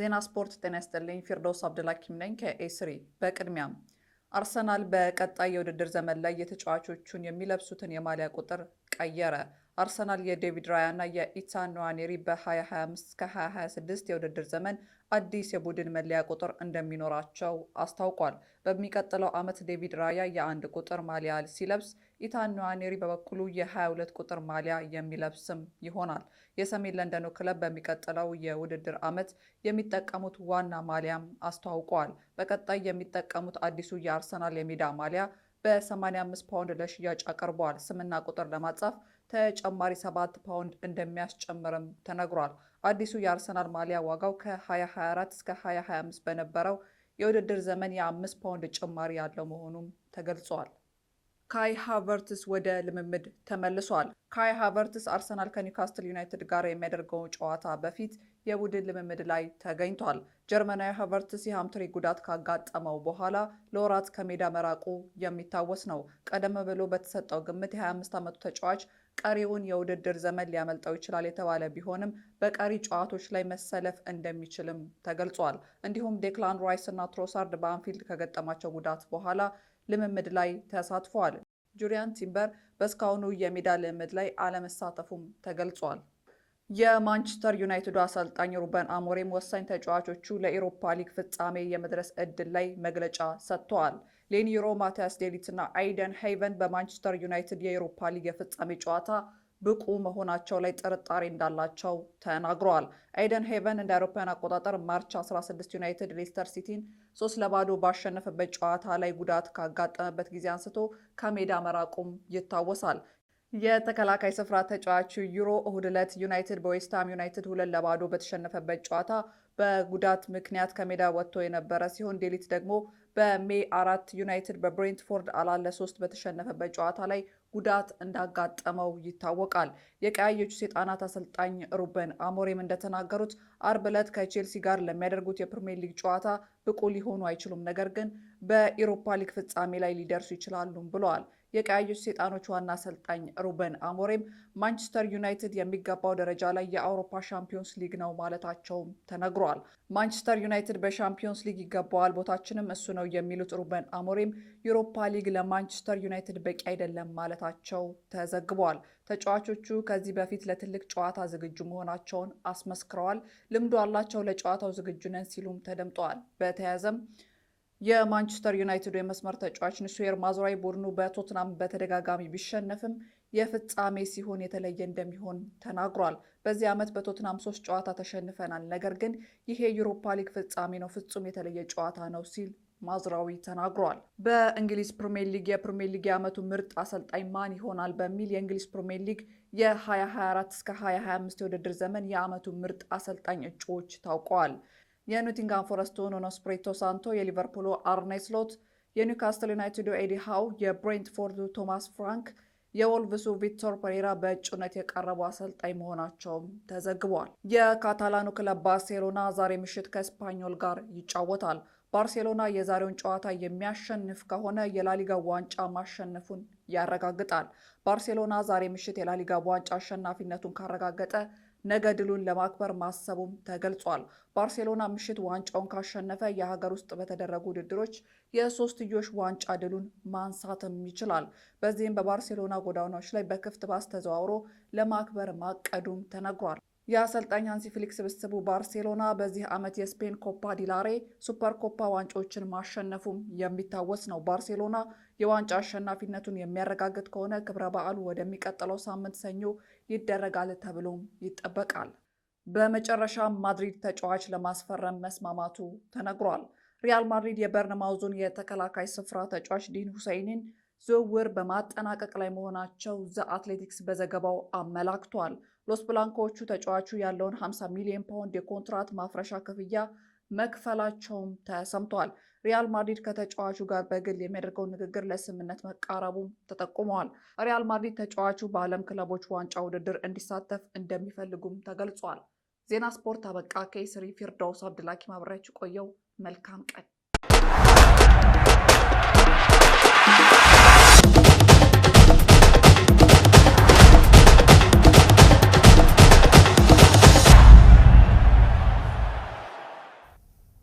ዜና ስፖርት ጤና ይስጥልኝ። ፊርዶስ አብደላኪም ነኝ ከኤስሪ። በቅድሚያም አርሰናል በቀጣይ የውድድር ዘመን ላይ የተጫዋቾቹን የሚለብሱትን የማሊያ ቁጥር ቀየረ። አርሰናል የዴቪድ ራያ እና የኢታን ንዋኔሪ በ2025 ከ2026 የውድድር ዘመን አዲስ የቡድን መለያ ቁጥር እንደሚኖራቸው አስታውቋል። በሚቀጥለው ዓመት ዴቪድ ራያ የአንድ ቁጥር ማሊያ ሲለብስ፣ ኢታን ንዋኔሪ በበኩሉ የ22 ቁጥር ማሊያ የሚለብስም ይሆናል። የሰሜን ለንደኑ ክለብ በሚቀጥለው የውድድር ዓመት የሚጠቀሙት ዋና ማሊያም አስተዋውቀዋል። በቀጣይ የሚጠቀሙት አዲሱ የአርሰናል የሜዳ ማሊያ በ85 ፓውንድ ለሽያጭ አቅርበዋል። ስምና ቁጥር ለማጻፍ ተጨማሪ 7 ፓውንድ እንደሚያስጨምርም ተነግሯል። አዲሱ የአርሰናል ማሊያ ዋጋው ከ2024 እስከ 2025 በነበረው የውድድር ዘመን የ5 ፓውንድ ጭማሪ ያለው መሆኑም ተገልጿል። ካይ ሃቨርትስ ወደ ልምምድ ተመልሷል። ካይ ሃቨርትስ አርሰናል ከኒውካስትል ዩናይትድ ጋር የሚያደርገውን ጨዋታ በፊት የቡድን ልምምድ ላይ ተገኝቷል። ጀርመናዊ ሃቨርትስ የሃምትሪ ጉዳት ካጋጠመው በኋላ ለወራት ከሜዳ መራቁ የሚታወስ ነው። ቀደም ብሎ በተሰጠው ግምት የ25 ዓመቱ ተጫዋች ቀሪውን የውድድር ዘመን ሊያመልጠው ይችላል የተባለ ቢሆንም በቀሪ ጨዋታዎች ላይ መሰለፍ እንደሚችልም ተገልጿል። እንዲሁም ዴክላን ራይስ እና ትሮሳርድ በአንፊልድ ከገጠማቸው ጉዳት በኋላ ልምምድ ላይ ተሳትፈዋል። ጁሪያን ቲምበር በእስካሁኑ የሜዳ ልምምድ ላይ አለመሳተፉም ተገልጿል። የማንቸስተር ዩናይትዱ አሰልጣኝ ሩበን አሞሬም ወሳኝ ተጫዋቾቹ ለኤሮፓ ሊግ ፍጻሜ የመድረስ እድል ላይ መግለጫ ሰጥተዋል። ሌኒሮ ማቲያስ ዴሊት እና አይደን ሄይቨን በማንቸስተር ዩናይትድ የኤሮፓ ሊግ የፍጻሜ ጨዋታ ብቁ መሆናቸው ላይ ጥርጣሬ እንዳላቸው ተናግረዋል። አይደን ሄቨን እንደ አውሮፓውያን አቆጣጠር ማርች 16 ዩናይትድ ሌስተር ሲቲን ሶስት ለባዶ ባሸነፈበት ጨዋታ ላይ ጉዳት ካጋጠመበት ጊዜ አንስቶ ከሜዳ መራቁም ይታወሳል። የተከላካይ ስፍራ ተጫዋች ዩሮ እሁድ ዕለት ዩናይትድ በዌስትሃም ዩናይትድ ሁለት ለባዶ በተሸነፈበት ጨዋታ በጉዳት ምክንያት ከሜዳ ወጥቶ የነበረ ሲሆን ዴሊት ደግሞ በሜ አራት ዩናይትድ በብሬንትፎርድ አራት ለሶስት በተሸነፈበት ጨዋታ ላይ ጉዳት እንዳጋጠመው ይታወቃል። የቀያዮቹ ሰይጣናት አሰልጣኝ ሩበን አሞሬም እንደተናገሩት አርብ ዕለት ከቼልሲ ጋር ለሚያደርጉት የፕሪምየር ሊግ ጨዋታ ብቁ ሊሆኑ አይችሉም፣ ነገር ግን በኢሮፓ ሊግ ፍጻሜ ላይ ሊደርሱ ይችላሉም ብለዋል። የቀያዮች ሰይጣኖች ዋና አሰልጣኝ ሩበን አሞሬም ማንቸስተር ዩናይትድ የሚገባው ደረጃ ላይ የአውሮፓ ሻምፒዮንስ ሊግ ነው ማለታቸውም ተነግሯል። ማንቸስተር ዩናይትድ በሻምፒዮንስ ሊግ ይገባዋል፣ ቦታችንም እሱ ነው የሚሉት ሩበን አሞሬም ዩሮፓ ሊግ ለማንቸስተር ዩናይትድ በቂ አይደለም ማለታቸው ተዘግቧል። ተጫዋቾቹ ከዚህ በፊት ለትልቅ ጨዋታ ዝግጁ መሆናቸውን አስመስክረዋል። ልምዱ አላቸው፣ ለጨዋታው ዝግጁ ነን ሲሉም ተደምጠዋል። በተያያዘም የማንቸስተር ዩናይትድ የመስመር ተጫዋች ኑሱየር ማዙራዊ ቡድኑ በቶትናም በተደጋጋሚ ቢሸነፍም የፍጻሜ ሲሆን የተለየ እንደሚሆን ተናግሯል። በዚህ ዓመት በቶትናም ሶስት ጨዋታ ተሸንፈናል፣ ነገር ግን ይሄ የዩሮፓ ሊግ ፍጻሜ ነው፣ ፍጹም የተለየ ጨዋታ ነው ሲል ማዝራዊ ተናግሯል። በእንግሊዝ ፕሪምየር ሊግ የፕሪምየር ሊግ የዓመቱ ምርጥ አሰልጣኝ ማን ይሆናል በሚል የእንግሊዝ ፕሪምየር ሊግ የ2024 እስከ 2025 የውድድር ዘመን የዓመቱ ምርጥ አሰልጣኝ እጩዎች ታውቀዋል። የኖቲንጋም ፎረስቱ ኑኖ ስፕሪቶ ሳንቶ፣ የሊቨርፑሉ አርኔ ስሎት፣ የኒውካስትል ዩናይትዱ ኤዲ ሃው፣ የብሬንትፎርዱ ቶማስ ፍራንክ፣ የወልቭሱ ቪክቶር ፐሬራ በእጩነት የቀረቡ አሰልጣኝ መሆናቸውም ተዘግቧል። የካታላኑ ክለብ ባርሴሎና ዛሬ ምሽት ከስፓኞል ጋር ይጫወታል። ባርሴሎና የዛሬውን ጨዋታ የሚያሸንፍ ከሆነ የላሊጋ ዋንጫ ማሸነፉን ያረጋግጣል። ባርሴሎና ዛሬ ምሽት የላሊጋ ዋንጫ አሸናፊነቱን ካረጋገጠ ነገ ድሉን ለማክበር ማሰቡም ተገልጿል። ባርሴሎና ምሽት ዋንጫውን ካሸነፈ የሀገር ውስጥ በተደረጉ ውድድሮች የሶስትዮሽ ዋንጫ ድሉን ማንሳትም ይችላል። በዚህም በባርሴሎና ጎዳናዎች ላይ በክፍት ባስ ተዘዋውሮ ለማክበር ማቀዱም ተነግሯል። የአሰልጣኝ ሃንሲ ፍሊክ ስብስቡ ባርሴሎና በዚህ ዓመት የስፔን ኮፓ ዲላሬ ሱፐር ኮፓ ዋንጫዎችን ማሸነፉም የሚታወስ ነው። ባርሴሎና የዋንጫ አሸናፊነቱን የሚያረጋግጥ ከሆነ ክብረ በዓሉ ወደሚቀጥለው ሳምንት ሰኞ ይደረጋል ተብሎም ይጠበቃል። በመጨረሻ ማድሪድ ተጫዋች ለማስፈረም መስማማቱ ተነግሯል። ሪያል ማድሪድ የበርንማውዙን የተከላካይ ስፍራ ተጫዋች ዲን ሁሴይንን ዝውውር በማጠናቀቅ ላይ መሆናቸው ዘ አትሌቲክስ በዘገባው አመላክቷል። ሎስ ብላንኮዎቹ ተጫዋቹ ያለውን 50 ሚሊዮን ፓውንድ የኮንትራት ማፍረሻ ክፍያ መክፈላቸውም ተሰምቷል። ሪያል ማድሪድ ከተጫዋቹ ጋር በግል የሚያደርገውን ንግግር ለስምምነት መቃረቡም ተጠቁመዋል። ሪያል ማድሪድ ተጫዋቹ በዓለም ክለቦች ዋንጫ ውድድር እንዲሳተፍ እንደሚፈልጉም ተገልጿል። ዜና ስፖርት አበቃ። ከስሪ ፊርዳውስ አብድላኪ ማብሪያችሁ ቆየው። መልካም ቀን